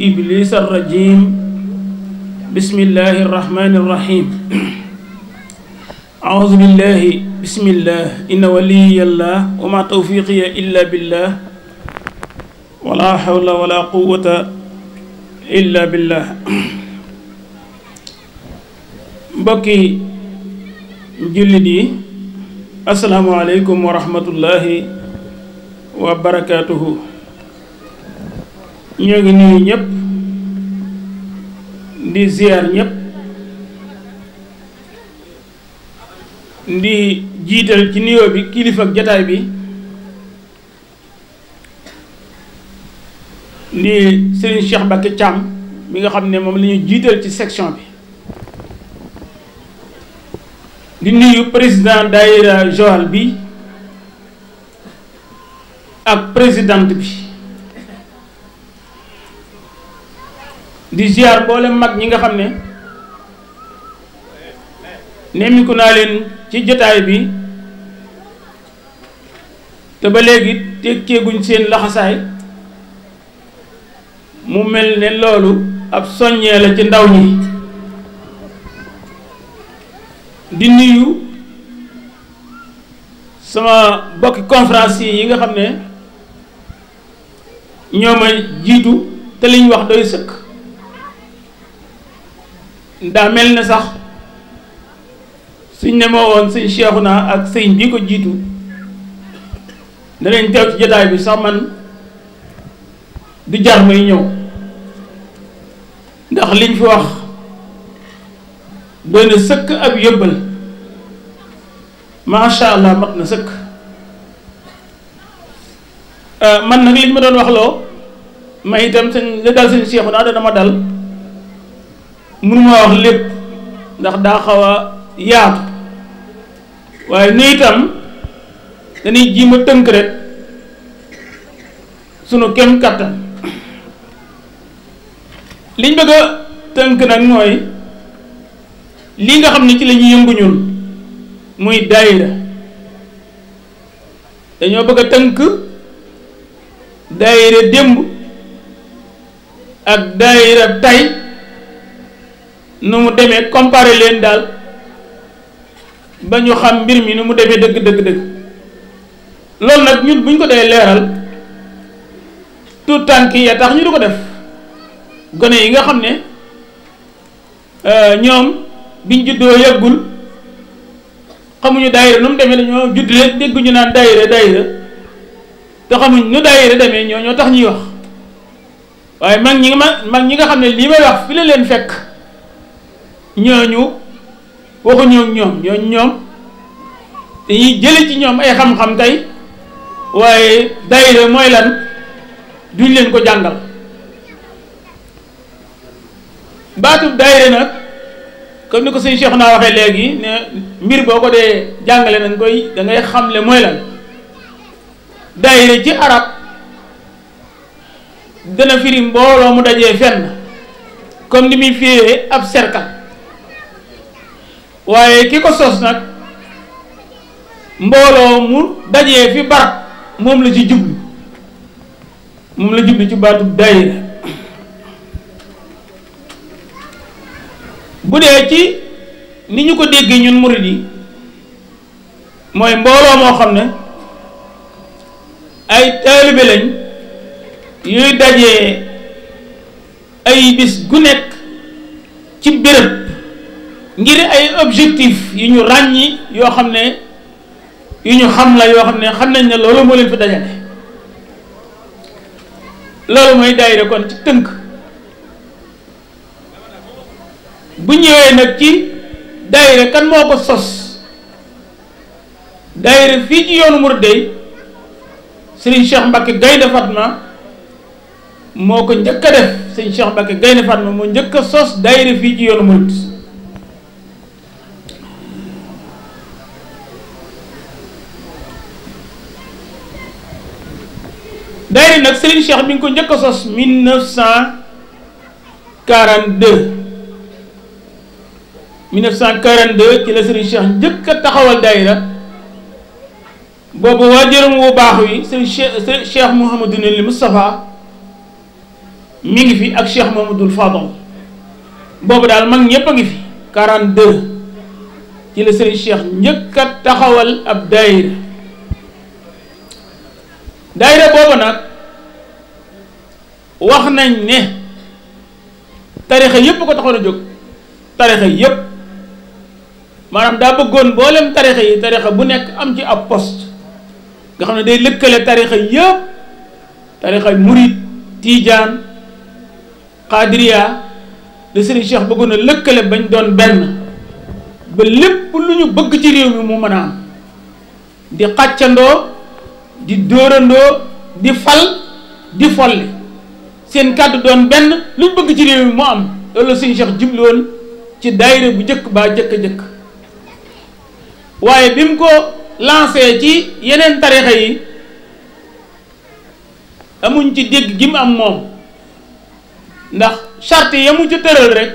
إبليس الرجيم بسم الله الرحمن الرحيم أعوذ بالله بسم الله إن ولي الله وما توفيقي إلا بالله ولا حول ولا قوة إلا بالله بكي جلدي السلام عليكم ورحمة الله وبركاته ñoo ngi nuyu ñëpp di ziar ñëpp di jiital ci nuyoo bi kilifa ak jataay bi di Serigne Cheikh Mbacké Thiam mi nga xam ne moom la jiital ci section bi di nuyu président daayira Joal bi ak présidente bi di ziar boole mag ñi nga xam ne nemmiku naa leen ci jotaay bi te ba léegi tekkeeguñ seen laxasaay mu mel ne loolu ab soññee la ci ndaw ñi di nuyu sama bokki conférencier yi nga xam ne ñoo jiitu te liñ wax doy sëkk ndax melni sax suñ ne won woon cheikhuna ak seigne bi ko jitu danañ teew ci jotaay bi sax man du jar may ñëw ndax liñ fi wax doy na sëkk ab yóbbal macha allah mat na sëkk man nak liñ ma doon waxloo may itam sëñ la dal sëñ Cheikhouna dana ma dal mënuma wax lépp ndax daa xaw yaatu waaye nu itam dañuy jiima tënk rek sunu kem kattan liñ bëgg a tënk nag mooy lii nga xam ne ci lañuy ñuy yëngu ñun muy daayira dañoo bëgg tënk daayira démb ak daayira tay nu mu demee comparé leen daal ba ñu xam mbir mi nu mu demee dëgg dëgg dëgg loolu nag ñun bu ñu ko dee leeral tout tànk ya tax ñu du ko def gone yi nga xam ne euh, ñoom biñ juddoo yàggul xamuñu daayira nu mu demee dañoo judd leen dégguñu naan daayira de te xamuñ nu daayira demee ñoo ñoo tax ñuy wax waaye mag ñi ma mag ñi nga xam ne lii may wax fi la leen fekk ñooñu waxuñoo ñoom ñooñu ñoom dañuy jële ci ñoom ay xam-xam tey waaye daayira mooy lan duñ leen ko jàngal baatub daayira nag comme ni ko sëñ Cheikh naa waxee léegi ne mbir boo ko dee jàngale nañ koy dangay xamle mooy lan daayira ci arab dana firi mbooloo mu dajee fenn comme ni muy firee ab cercle waaye ki ko sos nag mbooloo mu dajee fi barab moom la ci jublu moom la jublu ci baatu daayira bu dee ci ni ñu ko déggee ñun murid yi mooy mbooloo moo xam ne ay taalibe lañ yuy dajee ay bis gu nekk ci béréb ngir ay objectif yu ñu ràññi yoo xam ne yu ñu xam la yoo xam ne xam nañ ne loolu moo leen fi dajale loolu mooy daayira kon ci tënk bu ñëwee nag ci daayira kan moo ko sos daayira fii ci yoonu Murid dey Serigne Cheikh Mbacke Gaynde Fatma moo ko njëkk a def Serigne Cheikh Mbacke Gaynde Fatma moo njëkk a sos daayira fii ci yoonu Murid loolu nak Serigne Cheikh bi ngi ko njëkk a sos 1942 1942 ci la Serigne Cheikh njëkk taxawal daayira bobu waajuram wu baax wi Serigne Cheikh Mouhamadul Moustapha mi ngi fi ak Cheikh Mamadou Fadal bobu daal mag ñëpp ngi fi 42 ci la Serigne Cheikh njëkk taxawal ab daayira daayira boobu nag. wax nañ ne tarixa yépp ko taxoon a jóg tarixa yépp maanaam daa bëggoon leen tarixa yi tarixa bu nekk am ci ab poste nga xam ne day lëkkale tarixa yépp tarixa murid tiijaan xaadiriya le Serigne Cheikh bëggoon a lëkkale bañ doon benn ba lépp lu ñu bëgg ci réew mi mu mën a di xàccandoo di dóorandoo di fal di folli seen kaddu doon benn lu bëgg ci réew mu am loolu la suñu Cheikh jubloon ci daayira bu njëkk baa jëkk jëkk waaye bi mu ko lancé ci yeneen tarixa yi amuñ ci dégg gi mu am moom ndax charte ya mu ci tëral rek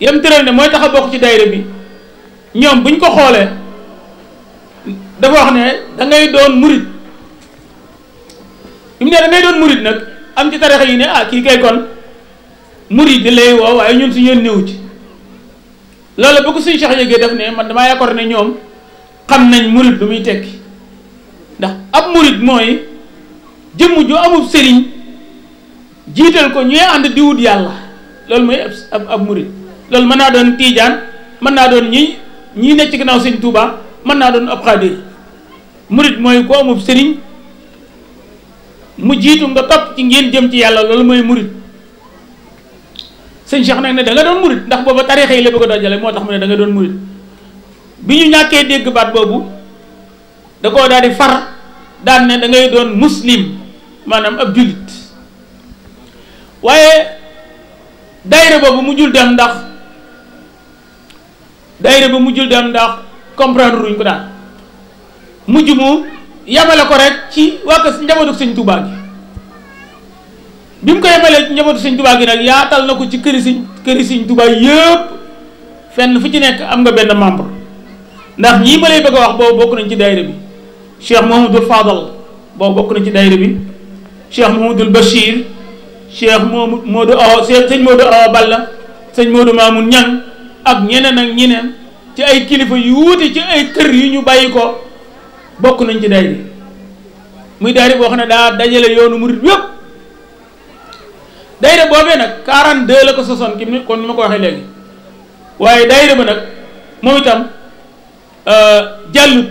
yam tëral ne mooy tax a bokk ci daayira bi ñoom buñ ko xoolee dafa wax ne da ngay doon murit bi mu ne da ngay doon murit nag am ci tarixa yi ne ah kii kay kon murid di lay woo waaye ñun suñu yoon néew ci loolu bu ko suñu Cheikh yëgee def ne man damaa yaakaar ne ñoom xam nañ murid lu muy tekki ndax ab murid mooy jëmm ju amul sëriñ jiital ko ñuy ànd di yàlla loolu mooy ab ab murid loolu mën naa doon tiijaan mën naa doon ñi ñii nekk ci gannaaw sëñ Touba mën naa doon ab xaadir murid mooy ku amul sëriñ mu jitu nga top ci ngeen jëm ci yalla lolou moy mourid seigne cheikh nak ne da nga don mourid ndax bobu tarixa yi la bëgg dojalé motax mu ne da nga don mourid biñu ñaké dégg baat bobu da ko daal di far daan ne da ngay don muslim manam ab julit waye daayira bobu mu jul dem ndax daayira ba mu jul dem ndax comprendre ruñ ko daal yamale ko rek ci waa kër njabootu sëñ Touba gi bi mu ko yamalee ci njabootu sëñ Touba gi nag yaatal na ko ci këri sëñ këri sëñ Touba yëpp fenn fu ci nekk am nga benn membre ndax ñii ma lay bëgg a wax boobu bokk nañ ci daayira bi Cheikh Mouhamadul Fadal boobu bokk nañ ci daayira bi Cheikh Mouhamadul Bachir Cheikh Mouhamad Modou Awa moo Modou Awa Balla sëñ Modou Mamoun Niang ak ñeneen ak ñeneen ci ay kilifa yu wuute ci ay kër yu ñu bàyyi ko. bokk nañ ci daayira muy daayira boo xam ne daa dajale yoonu murit yëpp daayira boobee nag 42 la ko sosoon kim ni kon ni ko waxee léegi waaye daayira ba nag moom itam euh, jàllut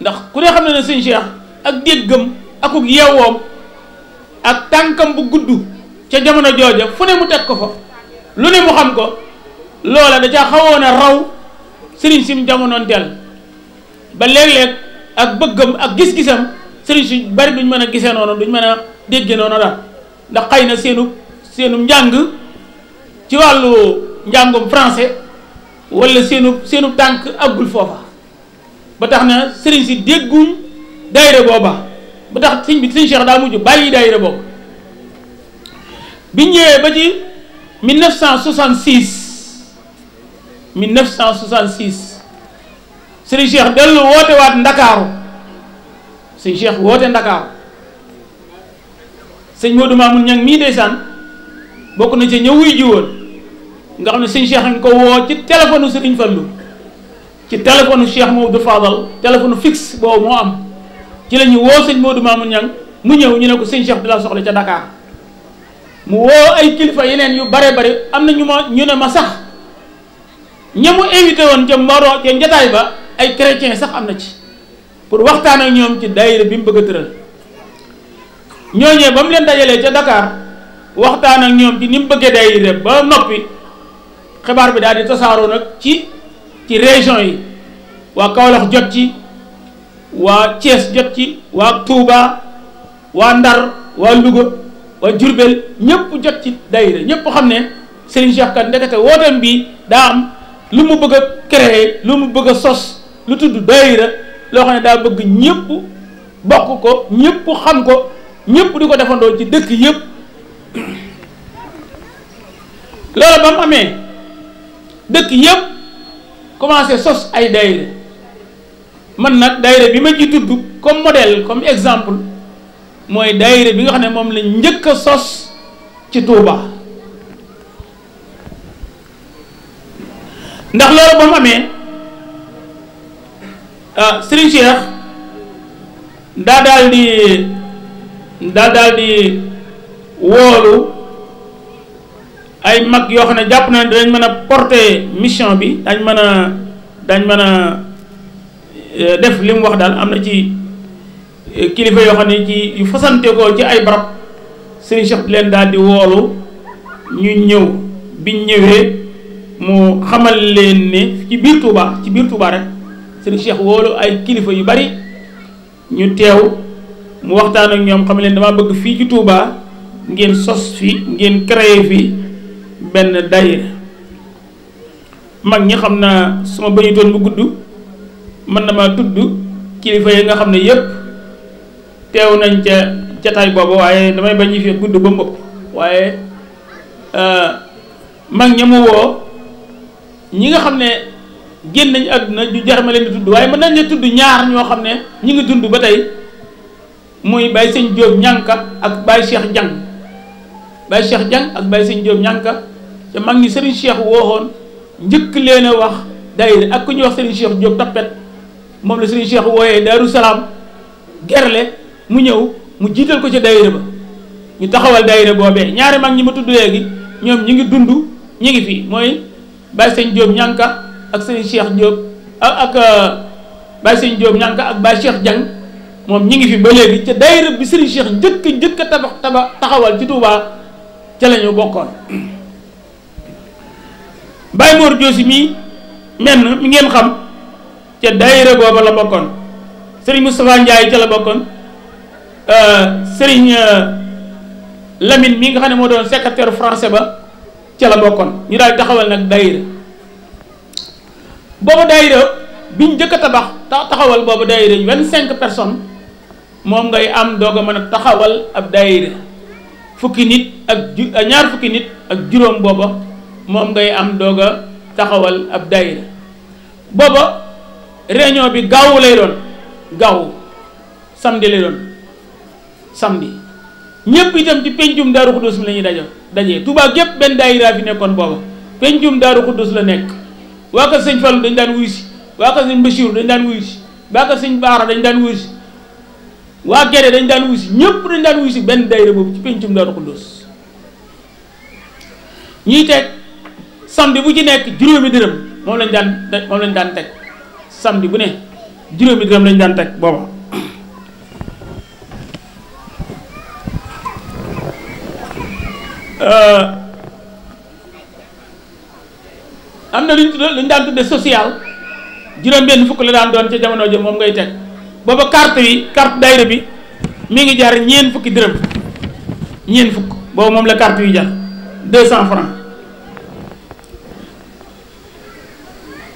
ndax ku ne xam ne ne sëñ Cheikh ak déggam akuk yeewoom ak tànkam bu gudd ca jamono jooja fu ne mu teg ko fa lu ne mu xam ko loola da ca xawoon a raw sëriñ sim jamonoon teel ba léeg-léeg ak bëggam ak gis-gisam sëriñ si bari duñ mën a gisee noonu ñu mën a déggee noonu daal ndax xëy na seenu seenu njàng ci wàllu njàngum français walla seenu seenu tànk àggul foofa ba tax na sëriñ si dégguñ daayira booba ba tax sëñ bi sëñ Cheikh daa mujj bàyyi daayira boobu biñ ñëwee ba ci 1966 1966. sëriñ Cheikh dellu woote waat ndakaaru sëriñ Cheikh woote ndakaaru sëñ Modou Mamoun Niang mii ndeysaan bokk na ca ñëw wuy ji woon nga xam ne sëñ Cheikh nga ko woo ci téléphone sëriñ Fallou ci téléphone Cheikh Maodo Fadal téléphone fix boobu moo am ci la woo sëñ Modou Mamoun Niang mu ñëw ñu ne ko sëñ Cheikh di la soxla ca Dakar mu woo ay kilifa yeneen yu bare bare am na ñu ma ñu ne ma sax ña mu invité woon ca Maro ca njataay ba ay chrétiens sax am na ci pour waxtaan ak ñoom ci daayira bi mu bëgg tëral ñooñee ba mu leen dajalee ca dakaar waxtaan ak ñoom ci ni mu bëggee daayira ba noppi xibaar bi daal di tasaaroo nag ci ci région yi waa Kaolack jot ci waa Thiès jot ci waa Touba waa Ndar waa Louga waa Diourbel ñëpp jot ci daayira ñëpp xam ne Serigne Cheikh Kane ndekete wootam bi daa am lu mu bëgg a créer lu mu bëgg a sos lu tudd daayira loo xam ne daa bëgg ñëpp bokk ko ñëpp xam ko ñëpp di ko defandoo ci dëkk yëpp loolu ba mu amee dëkk yëpp commencé sos ay daayira man nag daayira bi ma ci tudd comme modèle comme exemple mooy daayira bi nga xam ne moom lañ njëkk a sos ci Touba ndax loolu ba mu amee Ah, Serigne Cheikh daa daal daa daal woolu ay mag yoo xam ne jàpp na dañ mën a porte mission bi dañ mën a dañ mën a eh, def li mu wax daal am na ci eh, kilifa yoo xam ne ci yu fasante ko ci ay barab Serigne Cheikh leen daal di woolu ñu ñëw biñ ñëwee mu xamal leen ne ci biir Touba ci biir Touba rek. sëriñ Cheikh woolu ay kilifa yu bari ñu teew mu waxtaan ak ñoom xam leen dama bëgg fii ci Touba ngeen sos fi ngeen créé fi benn daayira mag ñi xam naa su ma bañutoon bu gudd mën na maa tudd kilifa yi nga xam ne yépp teew nañ ca jataay boobu waaye damay bañ fi gudd ba mbëpp waaye euh, mag ña mu woo ñi nga xam ne génn nañ àdduna ju jar ma leen di tudd waaye mën nañ la tudd ñaar ñoo xam ne ñu ngi dund ba tey muy Baye Sëñ Diop ñànka ak Baye Cheikh Jang Baye Cheikh Jang ak Baye Sëñ Diop ñànka te mag ñi Serigne Cheikh wooxoon njëkk leen a wax daayira ak ku ñuy wax Serigne Cheikh Diop tappet moom la Serigne Cheikh wooyee Daaru Salaam gerle mu ñëw mu jiital ko ca daayira ba ñu taxawal daayira boobee ñaari mag ñi ma tudd léegi ñoom ñu ngi dund ñi ngi fi mooy Baye Sëñ Diop ñànka ak sëñ Cheikh Diop ak euh, Baye Sëñ Diop ñank ak Baye Cheikh jang mom ñi ngi fi ba legi ci daayira bi sëriñ Cheikh jëk jëk tabax tabax taxawal ci Touba ci lañu bokkon bay Mor josi mi men mi ngeen xam ci daayira bobu la bokkon serigne Moustapha ndjay ci la bokkon euh serigne euh, Lamine mi nga xam mo doon secrétaire français ba ci la bokkon ñu daal taxawal nak daayira booba daayira bi njëkk a tabax ta taxawal boobu daayira vingt cinq personnes moom ngay am doog a mën a taxawal ab daayira fukki nit ak eh, ñaar fukki nit ak juróom booba moom ngay am doog a taxawal ab daayira booba réunion bi gaawu lay doon gaawu samedi lay doon samedi ñëpp itam ci pencum daaru xuddus mi la ñuy dajo dajee Tuubaa gépp benn daayira fi nekkoon booba pencum daaru xuddus la nekk waa kër sëñ Fallu dañ daan wuyu si waa kër sëñ Bachir dañ daan wuyu si waa kër sëñ Baara dañ daan wuyu waa Gede dañ daan wuyu ñëpp dañ daan wuyu si benn dayra boobu ci pencum Daaru Xuddoos ñuy teg samedi bu ci nekk juróomi dërëm moom lañ daan moom lañ daan teg samedi bu ne juróomi dërëm lañ daan teg booba euh, am na lu ñu lu ñu daan tudde social juróom-benn fukk la daan doon ca jamono jëm moom ngay teg booba carte yi carte daayira bi mi ngi jar ñeen fukki dërëm ñeen fukk boobu moom la carte yu jar deux cent francs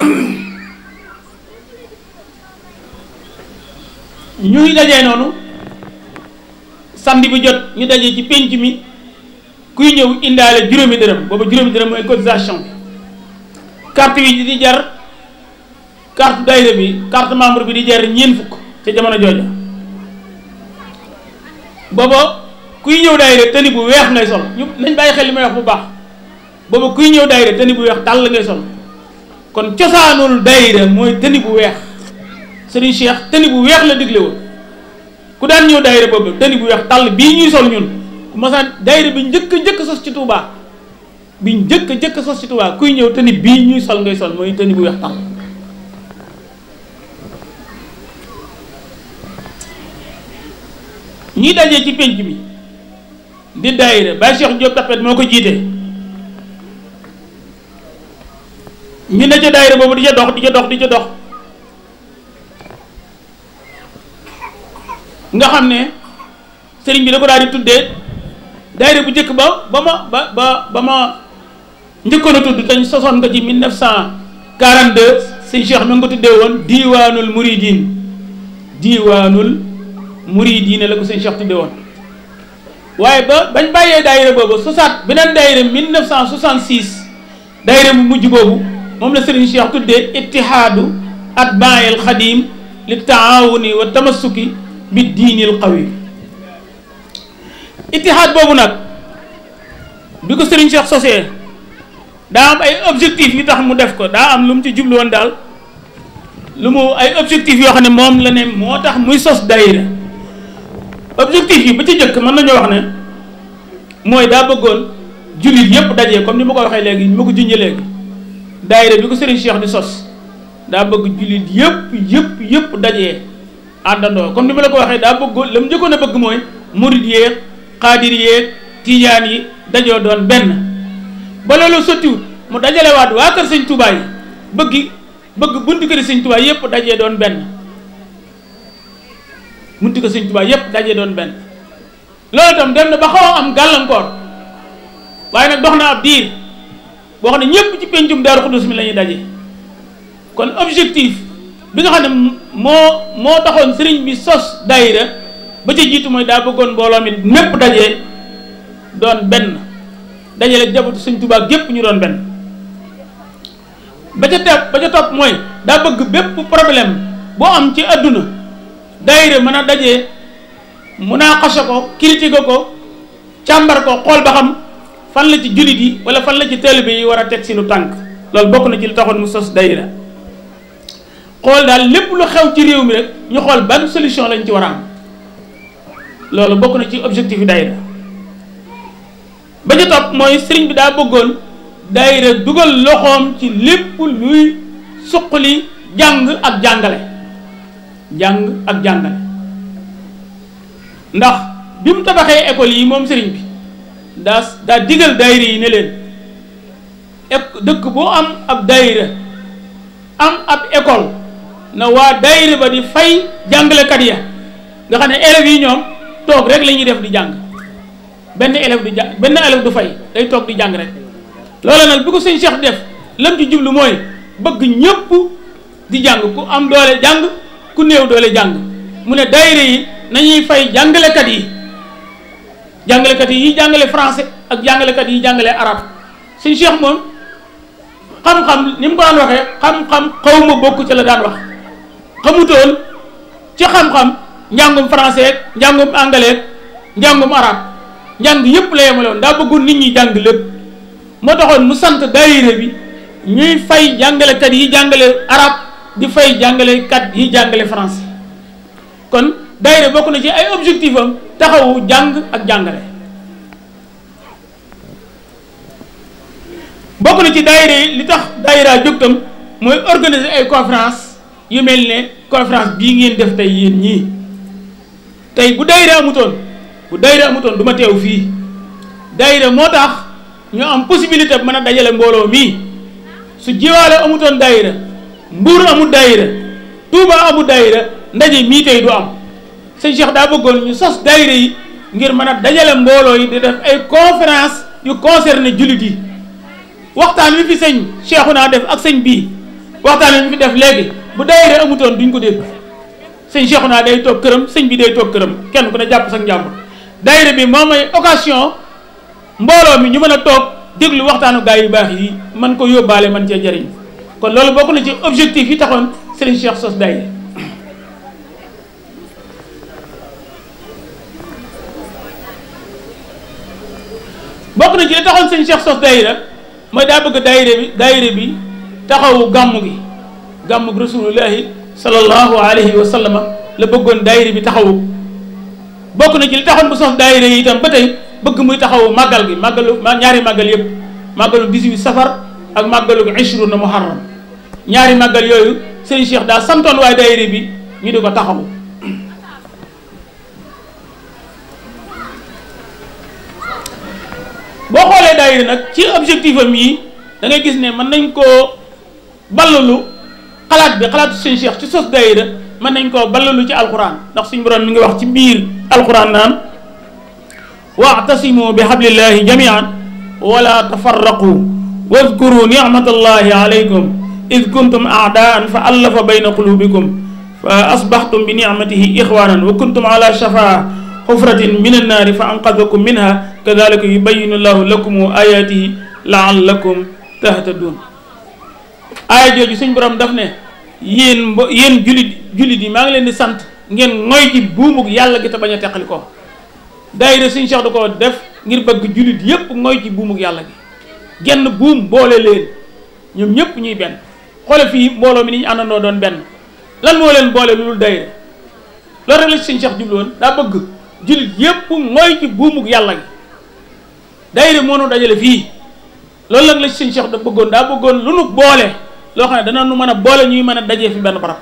ñuy dajee noonu samedi bu jot ñu dajee ci penc mi kuy ñëw indaale juróomi dërëm booba juróomi dërëm mooy cotisation carte bi di jar carte daire bi carte membre bi di jar ñeen fuk ci jamono jooja bobo kuy ñew daire tani bu wex ngay sol ñu nañ baye xel li may wax bu baax bobo kuy ñew daire tani bu wex dal ngay sol kon ciosanul daire moy tani bu wex sëriñ cheikh tani bu wex la diglé woon ku daan ñew daire boobu tani bu wex tàll bi ñuy sol ñun ku sa daire bi ñeuk ñeuk sos ci touba biñ njëkk njëkk sos ci Tuubaa kuy ñëw tenue bii ñuy sol ngay sol mooy tenue bu weex tàll ñi dajee ci pénc mi di daayira Baye Cheikh Diop Tapet moo ko jiite ñu ne ca daayira boobu di ca dox di ca dox di ca dox nga xam ne sëriñ bi da ko daal di tuddee daayira bu njëkk ba ba ma ba ba ba ma njëkkoon a tudd tañ sosoon ko ci 1942 sëñ Cheikh mi ngi ko tuddee woon diwaanul muridin diwaanul muridin la ko sëñ Cheikh tuddee woon waaye ba bañ bàyyee daayira boobu sosaat beneen daayira 1966 daayira bu mujj boobu moom la sëriñ Cheikh tuddee ittihaadu atbaayil xadiim li taawuni wa tamassuki bi diinil qawi ittihaad boobu nag bi ko sëriñ Cheikh sosee daa am ay objectif yu tax mu def ko daa am lu mu ci jublu woon daal lu mu ay objectif yoo xam ne moom la ne moo tax muy sos daayira objectif yi ba ci jëkk mën nañu wax ne mooy daa bëggoon jullit yépp daje comme ni ma ko waxee léegi ni ma ko ji léegi daayira bi ko Serigne Cheikh di sos daa bëgg jullit yépp yépp yépp daje àndandoo comme ni ma la ko waxee daa bëggoon la mu njëkkoon a bëgg mooy murid yeeg xaadir yeeg tijaan yi dajoo doon benn ba loolu sottiwut mu dajalewaat waa kër sëñ Touba yi bëggi bëgg buntu kër sëñ Touba yëpp dajee doon benn buntu ko sëñ Touba yëpp dajee doon benn loolu itam dem na ba xaw am gàllankoor waaye nag dox na ab diir boo xam ne ñëpp ci pencum Daaru Xuddus mi la daje kon objectif bi nga xam ne moo moo taxoon sëriñ bi sos daayira ba ca jiitu mooy daa bëggoon mbooloo mi mépp dajee doon benn dajale njabootu sëñ Tuubaa gépp ñu doon benn ba ca tepp ba ca topp mooy daa bëgg bépp problème boo am ci àdduna daayira mën a daje mun naa xase ko critiquer ko càmbar ko xool ba xam fan la ci jullit yi wala fan la ci taalibe yi war a teg sinu tànk loolu bokk na ci li taxoon mu sos daayira xool daal lépp lu xew ci réew mi rek ñu xool ban solution lañ ci war a am loolu bokk na ci objectif yi daayira ba ca topp mooy sëriñ bi daa bëggoon daayira dugal loxoom ci lépp luy suqali jàng ak jàngale jàng ak jàngale ndax bi mu tabaxee école yi moom sëriñ bi daa daa digal daayira yi ne leen dëkk boo am ab daayira am ab école na waa daayira ba di fay jàngalekat ya nga xam ne élèves yi ñoom toog rek la ñuy def di jàng benn élève du jàng benn élève du fay day toog di jàng rek loola nag bi ko sëñ Cheikh def lam ci jiblu mooy bëgg ñëpp di jàng ku am doole jàng ku néew doole jàng mu ne daayira yi nañuy fay jàngalekat yi jàngalekat yi yi jàngale français ak jàngalekat yi jàngale arabe sëñ Cheikh moom xam-xam ni mu ko daan waxee xam-xam xawma bokk ci la daan wax xamutoon ci xam-xam njàngum français njàngum anglais njàngum arabe njàng yëpp la yemaloon daa bëggoon nit ñi jàng lépp moo taxoon mu sant daayira bi ñuy fay jàngalekat yi jàngale arab di fay jàngalekat yi jàngale français kon daayira bokk na ci ay objectif am taxawu jàng ak jàngale bokk na ci daayira yi li tax daayira jóg tam mooy organiser ay conférence yu mel ne conférence bii ngeen def tey yéen ñii tey bu daayira mutoon bu daayira amutoon du ma teew fii daayira moo tax ñu am possibilité mën a dajale mbooloo mii su jiwaale amutoon dayre mbuur amul daayira tuuba amul daayira ndaje mii tey du am sëñ Cheikh daa bëggoon ñu sos yi ngir mën a dajale mbooloo yi di def ay conférence yu concerné jullit yi waxtaan wi fi sëñ Cheikhu naa def ak sëñ bii waxtaan wi fi def léegi bu daayira amutoon duñ ko dégg sëñ Cheikhu naa day toog këram sëñ bi day toog këram kenn ku ne jàpp sax njàmbur daayira bi moo may occasion mbooloo mi ñu mën a toog déglu waxtaanu gaa yu baax yi man ko yóbbaale man cee njariñ kon loolu bokk na ci objectif yi taxoon Serigne Cheikh sos daayira na ci li taxoon Cheikh sos daayira mooy daa bëgg daayira bi daayira bi taxawu gàmm gi gàmm gi rasulullahi sallallahu alayhi wa la bëggoon daayira bi taxawu bokk nañ ci li taxoon bu sos daayira yi itam ba tey bëgg muy taxaw màggal bi màggalu ñaari màggal yëpp màggalu 18 safar ak màggalu ishru na muharram ñaari màggal yooyu sëñ Cheikh daa santoon waaye daayira bi ñu di ko taxaw boo xoolee daayira nag ci objectif am yi dangay gis ne mën nañ ko ballalu xalaat bi xalaatu sëñ Cheikh ci sos daayira mën nañ koo ballalu ci alquran ndax suñu borom mi ngi wax ci biir alquran naan واعتصموا بحبل الله جميعا ولا تفرقوا واذكروا نعمة الله عليكم إذ كنتم أعداء فألف بين قلوبكم فأصبحتم بنعمته إخوانا وكنتم على شفا حفرة من النار فأنقذكم منها كذلك يبين الله لكم آياته لعلكم تهتدون آية جوجي سن دفنه yéen mbo yéen julit julit yi maa ngi leen di sant ngeen moy ci buumug yàlla gi te bañ a teqali ko daayira suñu Cheikh da ko def ngir bëgg julit yépp moy ci buumug yàlla gi genn buum boole ñoom ñëpp ñuy benn xoole fii mbooloo mi ni ñu àndandoo doon benn lan moo leen boole loolu daayira loolu rek la suñu Cheikh jubluwoon yàlla gi daayira dajale fii loolu nag la suñu Cheikh da bëggoon daa bëggoon lu nu boole loo xam ne dana nu mën a boole ñuy mën a dajee fi benn barab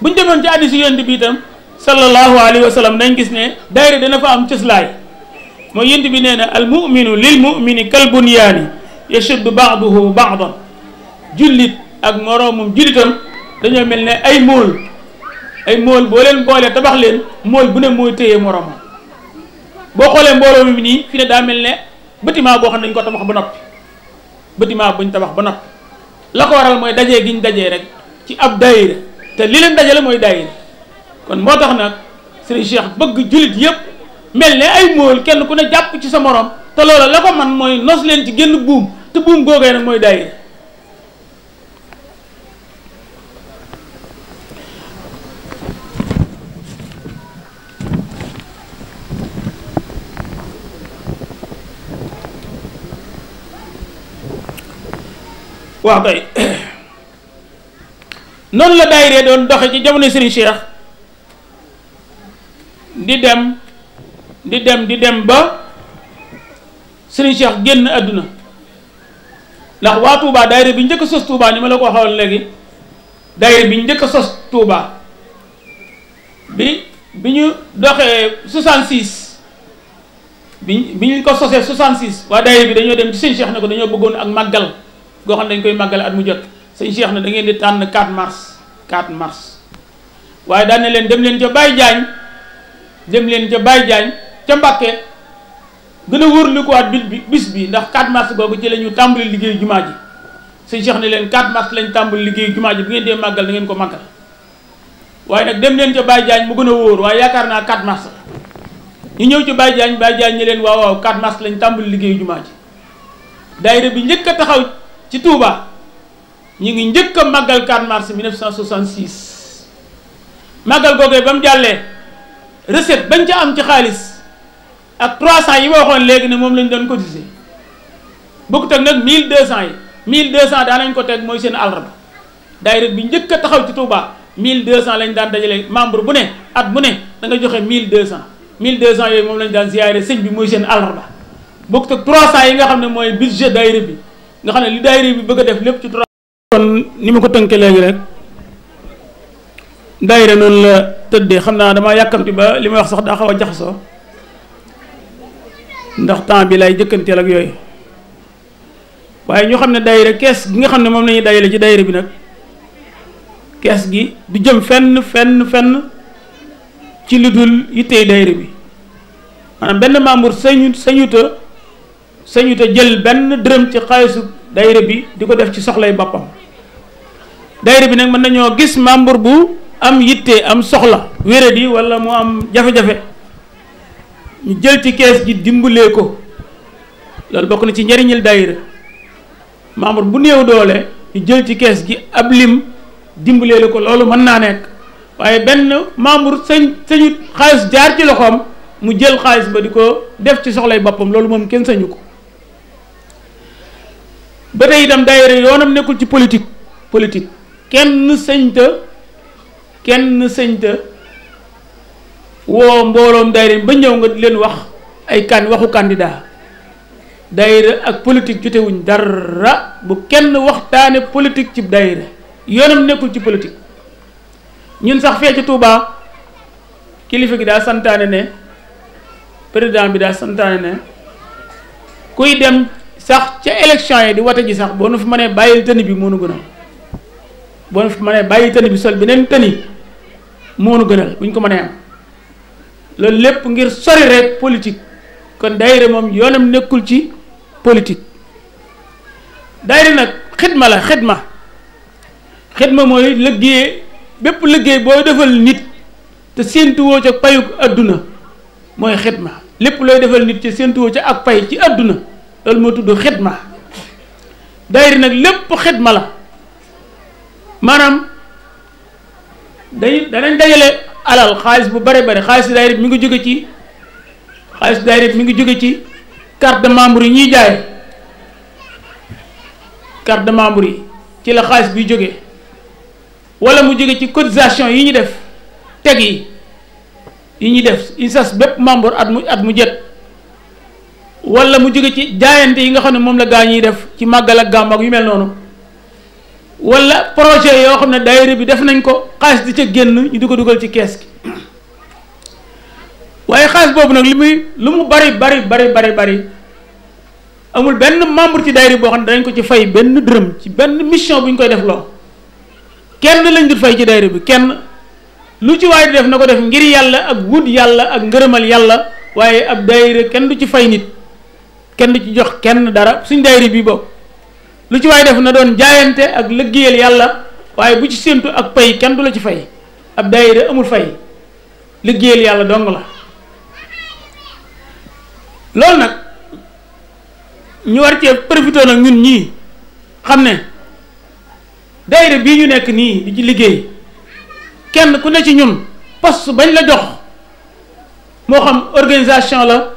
buñ demoon ci hadiisu yonent bi itam sallallahu alayhi wa sallam dañ gis ne daayira dana fa am cëslaay mooy yonent bi nee na al muminu lil mumini kal bunyaani yashuddu baaduhu baadan jullit ak moroomum jullitam dañoo mel ne ay mool ay mool boo leen boolee tabax leen mool bu ne mooy téye moroomam boo xoolee mbooloo mi nii fi ne daa mel ne bâtiment boo xam ne dañ ko tabax ba noppi bâtiment buñ tabax ba noppi la ko waral mooy dajee giñ dajee rek ci ab daayira te li leen dajale mooy daayira kon moo tax nag sëriñ Cheikh bëgg jullit yëpp mel ne ay móol kenn ku ne jàpp ci sa morom te loola la ko man mooy nos leen ci génn buum te buum googee nag mooy daayira waa kay noonu la daayira doon doxe ci jamono Serigne Cheikh di dem di dem di dem ba Serigne Cheikh génn àdduna ndax waa Touba daayira bi njëkk sos Touba ni ma la ko waxoon léegi daayira bi njëkk a sos Touba bi bi ñu doxee 66 bi bi ñu ko sosee 66 waa daayira bi dañoo dem ci Serigne Cheikh ne ko dañoo bëggoon ak màggal. goo xam ne dañ koy màggale at mu jot sëñ Cheikh na da ngeen di tànn 4 mars 4 mars waaye daan leen dem leen ca Baye jaañ dem leen ca Baye Diagne ca Mbàkke gën a wóorlu ko at bi bis bi ndax 4 mars googu ci la ñu tàmbali liggéeyu jumaa ji sëñ Cheikh ne leen 4 mars lañ tàmbali liggéey jumaa ji bu ngeen dee màggal da ngeen ko màggal waaye nag dem leen ca Baye jaañ mu gën a wóor waaye yaakaar naa 4 mars ñu ñëw ci Baye Diagne Baye Diagne ne leen waaw waaw 4 mars lañ tàmbali liggéeyu jumaa ji daayira ci Touba ñu ngi njëkk a màggal 4 mars 1966 màggal googee ba mu jàllee recette bañ ca am ci xaalis ak 300 yi ma waxoon léegi ne moom lañ doon cotiser bokkut ak nag 1200 yi mille 1200 daan nañ ko teg mooy seen àllarba daayira bi njëkk taxaw ci Touba 1200 lañ daan dajale membre bu ne at bu ne da nga joxe 1200 1200 yooyu moom lañ daan ziyaare sëñ bi mooy seen àllarba bokkut ak 300 yi nga xam ne mooy budget daayira bi. nga xam ne li daayira bi bëgg a def lépp ci droit kon ni ma ko tënkee léegi rek daayira noonu la tëdde xam naa damaa yàkkamti ba li may wax sax daa xaw a jaxasoo ndax temps bi lay jëkkanteel ak yooyu waaye ñoo xam ne daayira kees bi nga xam ne moom la ñuy ci daayira bi nag kees gi du jëm fenn fenn fenn ci lu dul yittey daayira bi maanaam benn membre sañu sañuta sañu te jël benn dërëm ci xaalisu daayira bi di ko def ci soxlay boppam daayira bi nag mën nañoo gis membre bu am yitte am soxla di wala mu am jafe-jafe ñu jël ci kees ji dimbalee ko loolu bokk na ci njariñil daayira membre bu néew doole ñu jël ci kees gi ab lim dimbalee sen ko loolu mën naa nekk waaye benn membre sañ sañu xaalis jaar ci loxoom mu jël xaalis ba di ko def ci soxlay boppam loolu moom kenn sañu ko ba tey itam daayira yoonam nekkul ci politique politik kenn sëñta kenn sëñta woo mbooloom daayira ba ñëw nga leen wax ay kan waxu candidat daayira ak politique jotewuñ dara bu kenn waxtaane politique ci daayira yoonam nekkul ci politik ñun sax fee ci Touba kilifa gi daa santaane ne président bi daa santaane ne kuy dem sax ca élection yi di wate ji sax boo nu fi mënee bàyyil tëni bi moo nu gënal boo nu fi mënee bàyyi tëni bi sol beneen tëni moo nu gënal bu ñu ko mënee am loolu lépp ngir sori rek politique kon daayira moom yoonam nekkul ci politique daayira nag xidma la xidma xidma mooy liggéey bépp liggéey booy defal nit te séentuwoo ca payuk adduna mooy xidma lépp looy defal nit ci séentuwoo ca ak pay ci adduna loolu moo tudd xidma daayira nag lépp xidma la maanaam day danañ dajale alal xaalis bu bare bare xaalis daayira mu ngi jóge ci xaalis daayira mi ngi jóge ci carte de membre yi ñuy jaay card de membre yi ci la xaalis bi jóge wala mu jóge ci cotisation yi ñu def teg yi yi ñuy def ISAS bépp membre at mu at mu jët wala mu jóge ci jaayante yi nga xam ne moom la gaa ñuy def ci màggal ak gàmm ak yu mel noonu wala projet yoo xam ne daayira bi def nañ ko xaalis di ca génn ñu di ko dugal ci kees gi waaye xaalis boobu nag li muy lu mu bari bari bari bari amul benn membre ci daayira boo xam ne dañ ko ci fay benn dërëm ci benn mission bu ñu koy def loo kenn lañ dul fay ci daayira bi kenn lu ci waay di def na ko def ngir yàlla ak wut yàlla ak ngërëmal yàlla waaye ab daayira kenn du ci fay nit kenn du ci jox kenn dara suñ daayira bi bokk lu ci waay def na doon jaayante ak lëggéeyal yàlla waaye bu ci séentu ak pay kenn du la ci fay ab daayira amul fay liggéeyal yàlla dong la loolu nag ñu war cee profité nag ñun ñi xam ne daayira bii ñu nekk nii di ci liggéey kenn ku ne ci ñun poste bañ la jox moo xam organisation la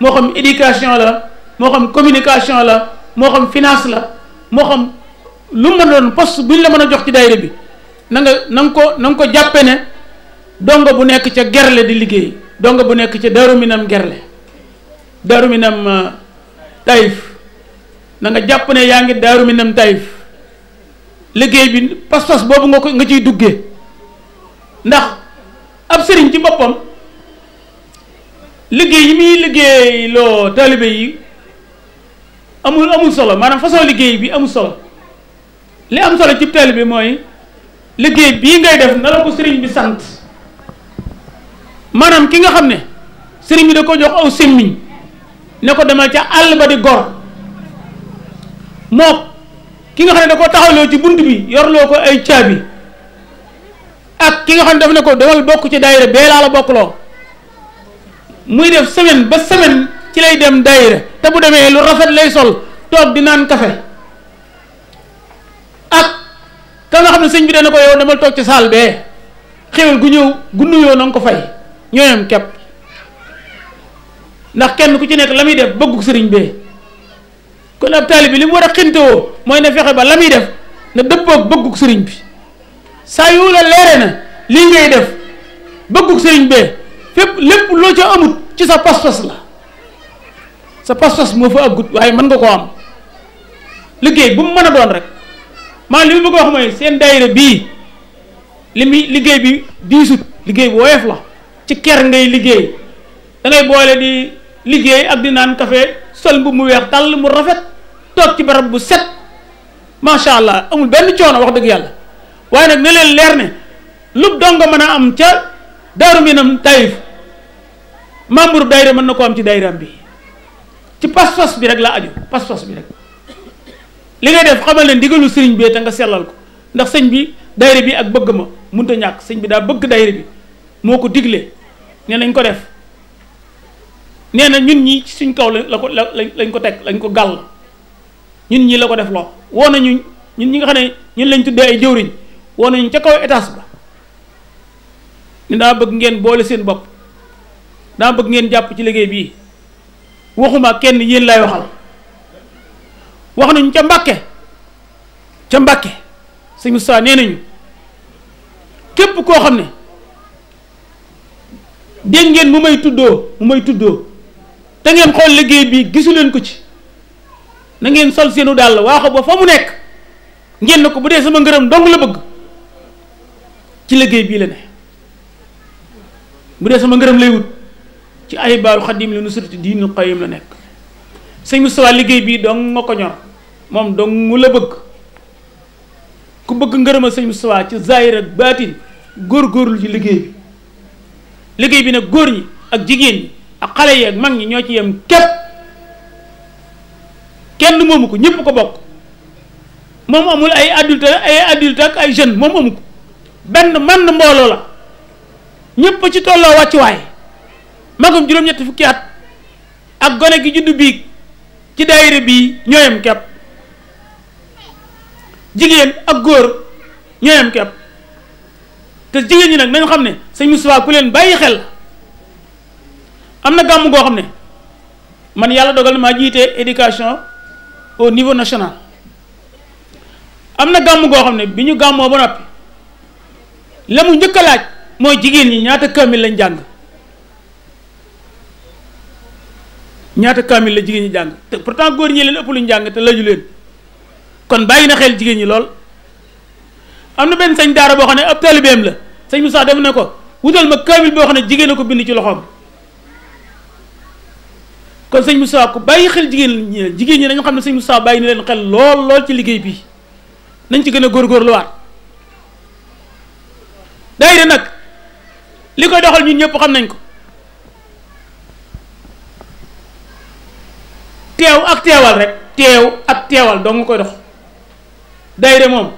moo xam éducation la moo xam communication la moo xam finance la moo xam lu mën doon poste bu ñu la mën a jox ci daayira bi nanga nanga na nga ko na ko jàppe ne dongo bu nekk ca gerle di liggéey dongo bu nekk ca Daaru Minam gerle Daaru Minam uh, Taïf na nga jàpp ne yaa ngi Daaru Minam Taïf liggéey bi pas-pas boobu nga ko nga ciy duggee ndax ab sëriñ ci boppam liggéey yi muy liggéey loo taalibe yi amul amul solo maanaam façon liggéey bi amul solo li am solo ci taalibe mooy liggéey bii ngay def na la ko sëriñ bi sant maanaam ki nga xam ne sëriñ bi da ko jox aw semmiñ ne ko demal ca àll ba di gor moo ki nga xam ne da ko taxawloo ci bunt bi yor loo ko ay caabi ak ki nga xam ne daf ne ko demal bokk ci daayira bee laa la bokkuloo muy def semaine ba semaine ci lay dem daayira te bu demee lu rafet lay sol toog di naan kafe ak ka xam ne sëñ bi dana ko yow demal toog ci saal bee xéwal gu ñëw gu nuyoo na nga ko fay ñooyam kepp ndax kenn ku ci nekk la muy def bëggu sëriñ bee kon ab taali bi li mu war a xintewoo mooy ne fexe ba la muy def na dëppoog bëgguk sëriñ bi saa yu la leere na lii ngay def bëgguk sëriñ bee lepp lépp loo amut ci sa pas-pas la sa pas pass mo fa agut waye man nga mana am liggey bu meuna don rek maanaam li bëgg wax moy seen daayira bi limi liggey bi disut, liggey bu woyof la ci ker ngay liggey da ngay boole di liggey ak di nan café sol bu mu wex tal mu rafet tok ci barab bu set sha allah amul benn ciono wax deug yalla waye nak ne leen leer ne lu dong mën am ca daru minam taif membre daayira mën na ko am ci daayiraam bi ci pas bi rek la aju pas-pas bi rek li ngay def xamal ne ndigalu sëriñ bi te nga sellal ko ndax sëñ bi daayira bi ak bëgg ma mënut ñàkk sëñ bi daa bëgg daayira bi moo ko digle nee nañ ko def nee na ñun ñi suñ kaw la ko la lañ ko teg lañ ko gàll ñun ñi la ko def loo woo nañu ñun ñi nga xam ne ñun lañ tuddee ay jëwriñ woo nañu ca kaw étage ba ni daa bëgg ngeen boole seen bopp daa bëgg ngeen jàpp ci liggéey bii waxuma kenn yéen lay waxal wax nañu ca mbàkke ca mbàkke sëñ Moustapha nee nañu képp koo xam ne dégg ngeen mu may tuddoo mu may tuddoo te ngeen xool liggéey bii gisu leen ko ci na ngeen sol seenu dàll waaxo ba fa mu nekk ngeen na ko bu dee sama ngërëm dong la bëgg ci liggéey bii la ne bu dee sama ngërëm lay wut ci ay baaru xadim li nusrati diinil qayyim la nekk sëñ Moustapha liggéey bi doo nga ko ñor moom dong mu la bëgg ku bëgg ngërëmal sëñ Moustapha ci zaahir ak baatin góor-góorlu ci liggéey bi liggéey bi nag góor ñi ak jigéen ñi ak xale yi ak mag ñi ñoo ci yem képp kenn moomu ko ñëpp ko bokk moom amul ay adulte ay adulte ak ay jeune moom amu benn man mbooloo la ñëpp ci tolloo wàccuwaay magum juróom-ñetti fukki at ak gone gi juddu biig ci daayira bii ñooyam kepp jigéen ak góor ñooyam kepp te jigéen ñi nag nañu xam ne sëñ Moustapha ku leen bàyyi xel am na gàmm goo xam ne man yàlla dogal maa jiite éducation au niveau national am na gàmm goo xam ne bi ñu gàmmoo ba noppi la mu njëkk laaj mooy jigéen ñi ñaata kamil lañ jàng ñaata kamil la jigéen ñi jàng te pourtant góor ñi leen ëpp luñ jàng te laju leen kon bàyyi na xel jigéen ñi lool am na benn sëñ daara boo xam ne ab talibeem la sëñ Moussa dem na ko wutal ma kamil boo xam ne jigéen a ko bind ci loxoom kon sëñ Moussa ko bàyyi xel jigéen ñi jigéen ñi dañu xam ne sëñ Moussa bàyyi na leen xel lool lool ci liggéey bi nañ ci gën a góorgóorluwaat daayira nag li koy doxal ñun ñëpp xam nañ ko teew ak teewal rek teew ak teewal dong nga koy dox daayira moom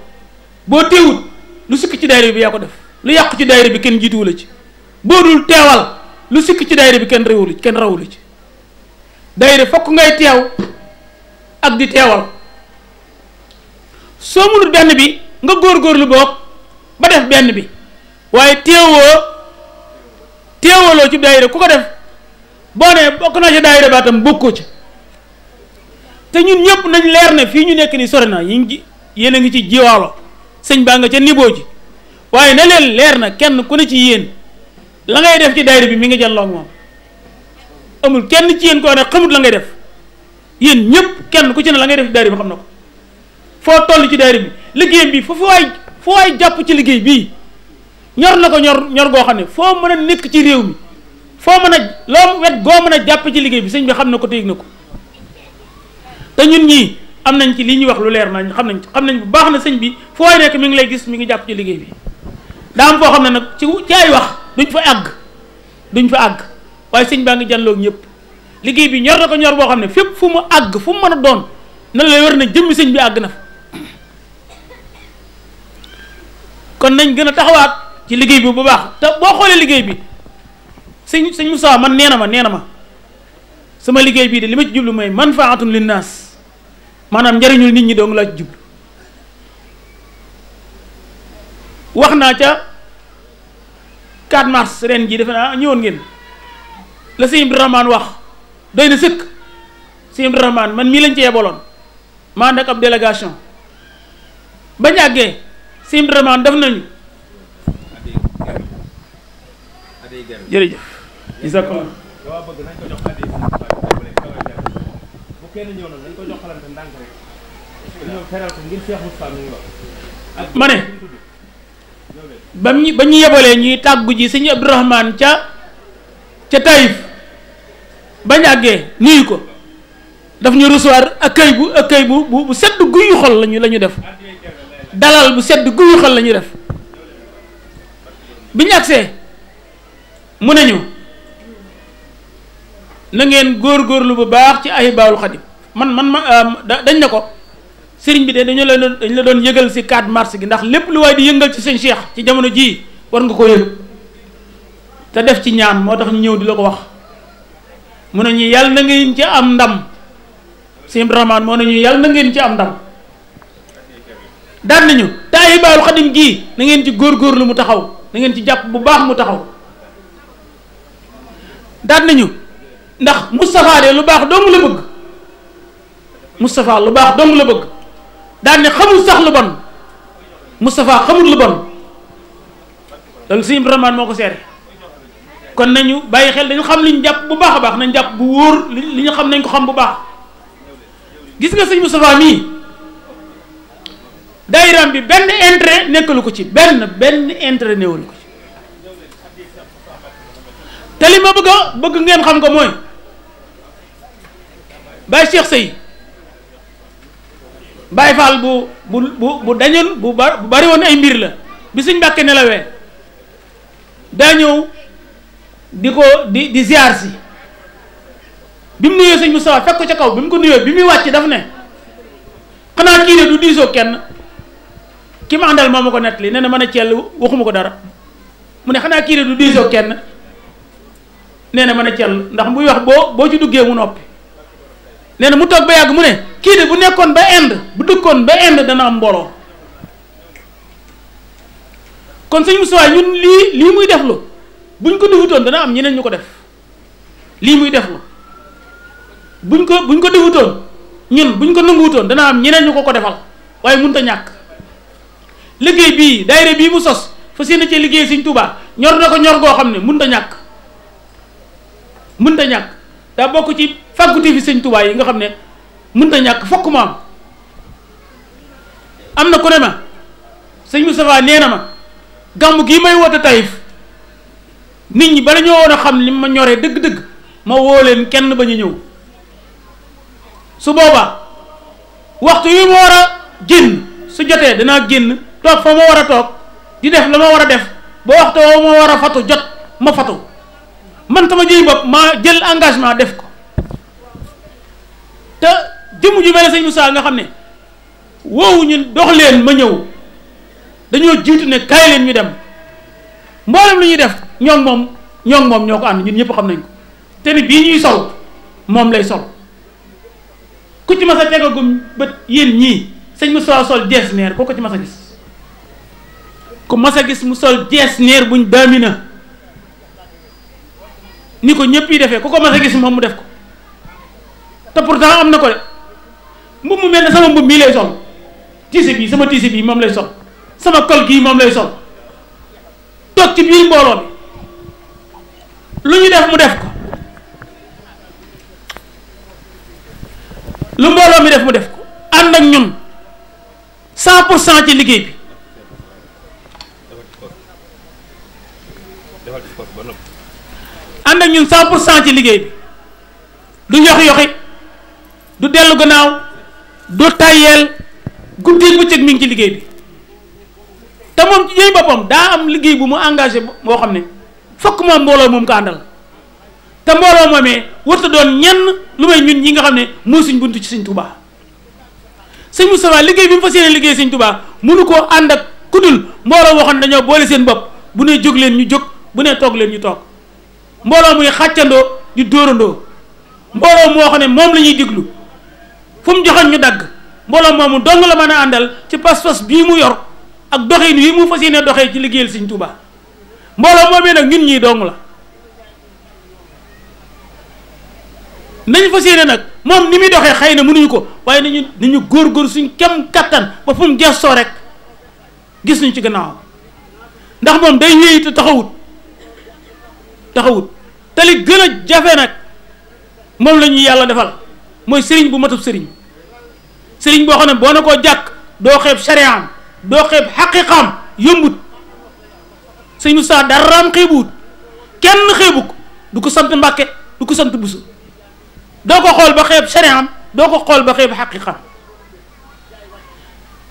boo teewut lu sikk ci daayira bi yaa ko def lu yàqu ci daayira bi kenn jiituwu la ci boo dul teewal lu sikk ci daayira bi kenn réewu ci kenn rawu ci daayira fokk ngay teew ak di teewal soo mënul benn bi nga góor góor lu boog ba def benn bi waaye teewoo teewaloo ci daayira ku ko def boo ne bokk naa ci daayira baatam bokkoo ci te ñun ñëpp nañ leer na fii ñu nekk ni sore na ñu ngi yéen a ngi ci jiwaalo sëñ baa nga ca niboo ji waaye na leen leer na kenn ku ne ci yéen la ngay def ci daayira bi mi ngi jàlloo moom amul kenn ci yéen koo ne xamut la ngay def yéen ñëpp kenn ku ci ne la ngay def ci daayira bi xam na ko foo toll ci daayira bi liggéey bi foofu waay foo waay jàpp ci liggéey bi ñor na ko ñor ñor goo xam ne foo mën a nekk ci réew mi foo mën a loo wet goo mën a jàpp ci liggéey bi sëñ bi xam na ko te na ko te ñun ñii am nañ ci li ñuy wax lu leer nañ xam nañ xam nañ bu baax na sëñ bi fooy nekk mi ngi lay gis mu ngi jàpp ci liggéey bi daa am foo xam ne nag ci ci ay wax duñ fa àgg duñ fa àgg waaye sëñ baa ngi janloog ñëpp liggéey bi ñor na ko ñor boo xam ne fépp fu mu àgg fu mu mën a doon na la wér na jëmmi sëñ bi àgg na fa kon nañ gën a taxawaat ci liggéey bi bu baax te boo xoolee liggéey bi sëñ sëñ Moussa man nee na ma nee na ma sama liggey bi de li ci djublu moy manfaatun linnaas manam njariñul nit ñi dong laa ci djub waxna ca 4 mars ren ji defena ñewon ngeen le sëñ Abdou Rahmane wax doyna seuk sëkk sëñ Abdou man mi lañ ci yebolon ma nak ab delegation ba ñagge sëñ Abdou Rahmane def nañu isa ko wa bëgg nañ ko jox bu bamni bañu nag ñuy taggu ji sëñ abdourahman ca ca taif bañ àggee nuyu ko daf ñu recevoir accueil bu accueil bu bu sedd guyu xol lañu lañu def dalal bu sedd guyu xol lañu def bi ñu agsee mu ne ñu na ngeen góorgóorlu bu baax ci ahibawul xadim man man ma euh, dañ na ko sëriñ bi de dañu la dañ la doon yëgal si 4 mars gi ndax lépp lu waay di yëngal ci seen cheikh ci jamono jii war nga ko yëg te def ci ñaan moo tax ñu ñëw di la ko wax mu ne ñu yàlla na ngeen ci am ndam sim rahman mo ne ñu yàlla na ngeen ci am ndam dal nañu te ahibawul xadim gii na ngeen ci góorgóorlu mu taxaw na ngeen ci jàpp bu baax mu taxaw dal nañu ndax mustafa de lu bax dong la bëgg mustafa lu bax dong la bëgg dal ni xamul sax lu bon mustafa xamul lu bon dal sim Rahman moko séré kon nañu bayyi xel dañu xam liñ japp bu baax baax nañ japp bu woor liñu xam nañ ko xam bu baax gis nga seigne mustafa mi dayram bi ben intérêt nekkalu ko ci ben ben intérêt néewalu ko ci te li ma bëgg bëgg ngeen xam ko mooy Baye Cheikh Sey Baye Fall bu bu bu bu dañul bu bari woon ay mbir la bi suñ Mbàkke nelawee daa ñëw di ko di di ziar si bi mu nuyoo sëñ Moustapha fekk ko ca kaw bi mu ko nuyoo bi muy wàcc daf ne xanaa kii de du diisoo kenn ki ma àndal moom ma ko nettali nee na mën a ceel waxuma ko dara mu ne xanaa kii du diisoo kenn nee na mën a ceel ndax muy wax boo boo ci duggee mu noppi nee na mu toog ba yàgg mu ne kii de bu nekkoon ba Inde bu dëkkoon ba Inde dana am mbooloo kon sëñ Moussa ñun lii lii muy def lu buñ ko defutoon dana am ñeneen ñu ko def lii muy def lu buñ ko buñ ko defutoon ñun buñ ko nanguwutoon dana am ñeneen ñu ko ko defal waaye mënut a ñàkk liggéey bii daayira bii mu sos fas yéene cee liggéey sëñ Touba ñor na ko ñor goo xam ne mënut a ñàkk mënut a ñàkk. daa bokk ci fàggute fi sëñ Tuubaa yi nga xam ne mun na ñàkk fokk mu am na ku ne ma sëñ Moustapha nee na ma gàmm gii may woote Taïf nit ñi bala ñoo woon a xam li ma ñoree dëgg-dëgg ma woo leen kenn ba ñu ñëw su boobaa waxtu yu ma war a génn su jotee danaa génn toog fa ma war a toog di def la ma war a def ba waxtu woo ma war a fatu jot ma fatu man sama jëy bopp maa jël engagement def ko te jëmm ju mel ne sëñ nga xam ne woowu ñu dox leen ma ñëw dañoo jiitu ne kaay leen ñu dem mboolem lañuy def ñoo moom ñoo moom ñoo ko ànd ñun ñëpp xam nañ ko te ni bii ñuy sol moom lay sol ku ci mas a tegagum bët yéen ñii sëñ Moussa sol jees neer koo ko ci mas gis ku mas a gis mu sol jees neer buñ na niko ko ñëpp yi defee ku ko mas a gis mom mu def ko té pourtant amna ko de mbubb mu mel sama mbubb mi lay sol tiise bi sama tiise bi mom lay sol sama kol gi mom lay sol tok ci biir mbolo bi lu ñu def mu def ko lu mbolo mi def mu def ko and ak ñun 100 ci liggéey bi ànd ak ñun 100 pour ci liggéey bi du yox-yoxi du dellu gannaaw du tayyeel guddi bëccëg mi ngi ci liggéey bi te moom ci jëy boppam daa am liggéey bu mu engagé boo xam ne fokk moom mbooloo moom ko àndal te mbooloo moomee warta doon ñenn lu may ñun ñi nga xam ne mooy suñ buntu ci sëñ Tuubaa sëñ Moustapha liggéey bi mu fas yéene liggéey sëñ Tuubaa mënu koo ànd ak kudul mbooloo waxoon dañoo boole seen bopp bu nee jóg leen ñu jóg bu ne toog leen ñu toog mbooloo muy xàccandoo di dóorandoo mbooloo moo xam ne moom la ñuy diglu fu mu joxoon ñu dagg mbooloo moomu dong la mën a àndal ci pas-pas bii mu yor ak doxin wi mu fas yéene doxee ci liggéeyal Sëñ Tuubaa mbooloo moomee nag ñun ñii dong la nañ fas yéene nag moom ni muy doxee xëy na mënuñu ko waaye nañu nañu góor-góor suñ kem kattan ba fu mu gestoo rek gis nañ ci gannaaw ndax moom day wéy te taxawut taxawut te li gën a jafe nag moom la ñuy yàlla defal mooy sëriñ bu matub sëriñ sëriñ boo xam ne boo ne koo jàkk doo xeeb sariyaam doo xeeb xaqiqaam yëmbut sëñ Moussa daraam xeebuwut kenn xeebu ko du ko sant mbàkke du ko sant busu doo ko xool ba xeeb sariyaam doo ko xool ba xeeb xam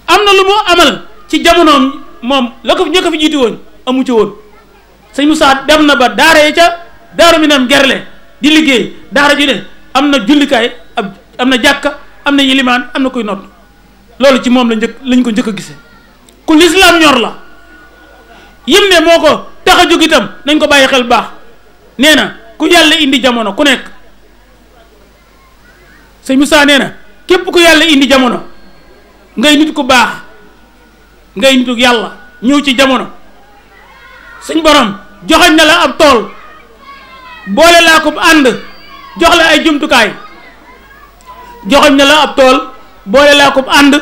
am na lu mu amal ci jamonoom moom la ko fi ña ko fi jiitu woon amu ci woon sëñ Moussa dem na ba daara ya ca daaru mi nam gerle di liggéey daara ju ne am na jullikaay am na jàkk am na yilimaan am na koy nodd loolu ci moom la njëkk lañ ko njëkk gise ku lislaam ñor la yim ne moo ko tax a jóg itam nañ ko bàyyi xel baax nee na ku yàlla indi jamono ku nekk sëñ musaa nee na képp ku yàlla indi jamono ngay nit ku baax ngay nitu yàlla ñëw ci jamono suñ borom joxagn na la ab tol bolé la ko and jox la ay jumtukaay joxagn na la ab tol bolé la ko and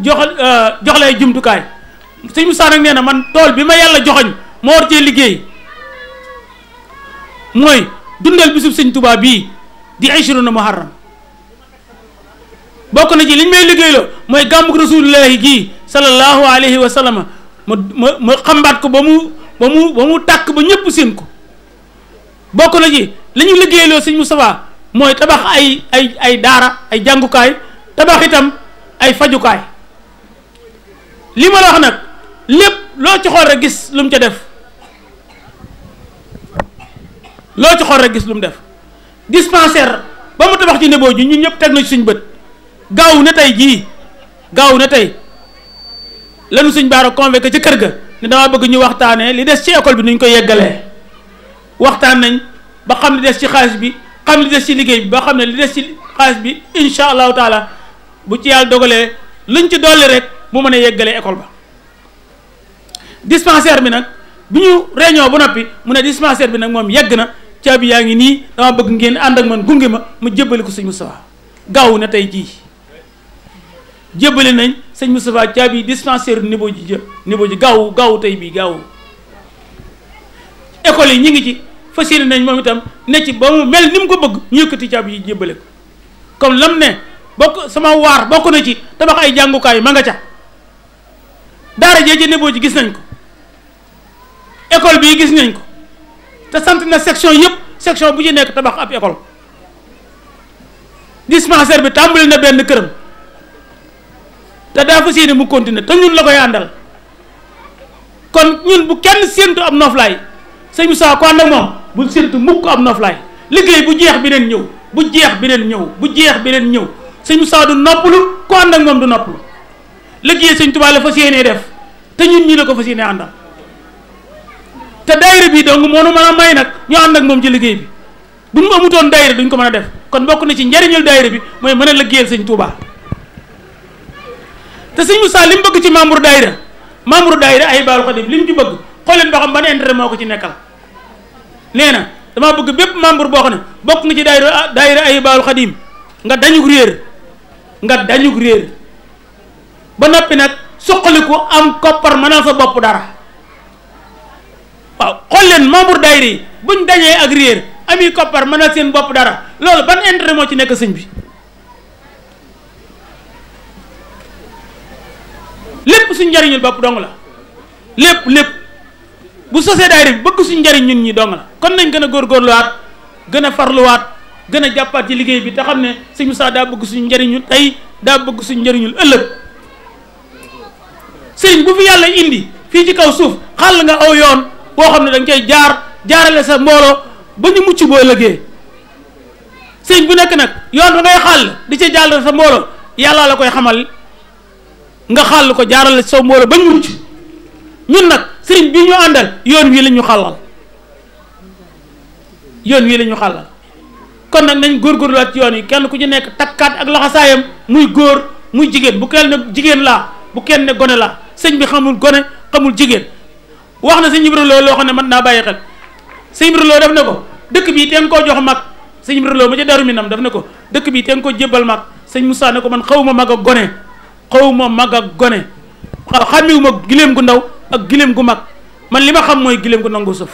jox euh, jox la ay jumtukaay seigne Moussa nak nee man tol bi ma war ci liggéey moy dundal bisub seigne Touba bi di Aïchirouna Muharram bokku na ci liñ may liggéey la moy gàmmug rasulillahi gi sallallahu alayhi wa sallam ma ma ko ba ba mu ba mu tàkk ba ñëpp seen ko bokk na ci li ñu liggéeyloo sëñ Moustapha mooy tabax ay ay ay daara ay jàngukaay tabax itam ay fajukaay li ma la wax nag lépp loo ci xool rek gis lu mu ca def loo ci xool rek gis lu mu def dispensaire ba mu tabax ci neboo ji ñun ñëpp teg na ci suñ bët gaawu na tey jii gaaw na tey lanu suñ baara convoqué ca kër ga ne dama bëgg ñu waxtaanee li des ci école bi nuñ ko yeggalee waxtaan nañ ba xam li des ci xaalis bi xam li des ci liggéey bi ba xam ne li des ci xaalis bi incha allahu taala bu ci yàlla dogalee luñ ci dolli rek mu mën a yeggalee école ba dispensaire bi nag bu ñu réunion bu noppi mu ne dispensaire bi nag moom yegg na caabi yaa ngi nii dama bëgg ngeen ànd ak man gunge ma ma jébbali ko sëñ Moustapha gaaw na tey jii jébbali nañ. sëñ Moustapha caabi dispensaire niveau ji niveau ji gaawu gaawu tey bii gaawu école yi ñu ngi ci fas yéene nañ moom itam ne ci ba mu mel ni mu ko bëgg ñu yëkkati caabi yi jébbale ko comme lam ne bokk sama waar bokk na ci tabax ay jàngukaay ma nga ca daara jee ci niveau ji gis nañ ko école bii gis nañ ko te sant na section yëpp section bu ci nekk tabax ab école dispensaire bi tàmbali na benn këram. te daa fas yéene mu continuer te ñun la koy àndal kon ñun bu kenn séentu am noflaay sëñ Moussa ko ànd ak moom bul séentu mukk am noflaay liggéey bu jeex bi leen ñëw bu jeex bi leen ñëw bu jeex bi leen ñëw sëñ Moussa du ko ànd ak moom du noppalu liggéey sëñ Tuubaa la fas yéenee def te ñun ñii la ko fas seenee àndal te daayira bii dong moo nu mën a may nag ñu ànd ak moom ci liggéey bi bu mu amutoon daayira duñ ko mën a def kon bokk na ci njariñul daayira bi mooy mën a liggéeyal sëñ te sëñ Moussa li mu bëgg ci membre daayira membre daayira ay baalu xadim li mu ci bëgg xooleen ba xam ban intérêt moo ko ci nekkal nee na damaa bëgg bépp membre boo xam ne bokk nga ci daayira daayira ay baalu xadim nga dañug réer nga dañug réer ba noppi nag suqaliku am koppar mënal sa bopp dara waaw xool leen membre daayira yi buñ dañee ak réer ami koppar mënal seen bopp dara loolu ban intérêt moo ci nekk sëñ bi lépp suñ njariñul bopp dong la lépp lépp bu sosee daayira bi bëgg suñ njariñ ñun ñi dong la kon nañ gën a góorgóorluwaat gën a farluwaat gën a jàppaat ci liggéey bi te xam ne sëñ Moussa daa bëgg suñ njariñul tey daa bëgg suñ njariñul ëllëg sëñ bu fi yàlla indi fii ci kaw suuf xàll nga aw yoon boo xam ne dañ koy jaar jaarale sa mbooloo ba ñu mucc boo ëllëgee sëriñ bu nekk nag yoon ba ngay xàll di ca jaarale sa mbooloo yàlla la koy xamal nga xàll ko jaarale saw mbooloo bañ mucc ñun nag sëriñ bi ñu àndal yoon wii lañu ñu xàllal yoon wii lañu ñu xàllal kon nag nañ góor góorgóorluwaat ci yoon yi kenn ku ci nekk takkaat ak laxasaayam muy góor muy jigéen bu kenn ne jigéen laa bu kenn ne gone laa sëñ bi xamul gone xamul jigéen wax na sëñ Ibra loo xam ne mën naa bàyyi xel sëñ Ibra Lo def ne ko dëkk bii teen koo jox mag sëñ Ibra Lo ci ca daru nam def na ko dëkk bii teen koo jébbal mag sëñ Moussa ne ko man xawma mag ak gone xaw ma mag ak gone xàmmiwu ma gileem gu ndaw ak gileem gu mag man li ma xam mooy gileem gu nangu sëf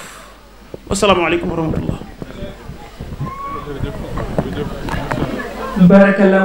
wasalaamaaleykum wa rahmatullah barakallah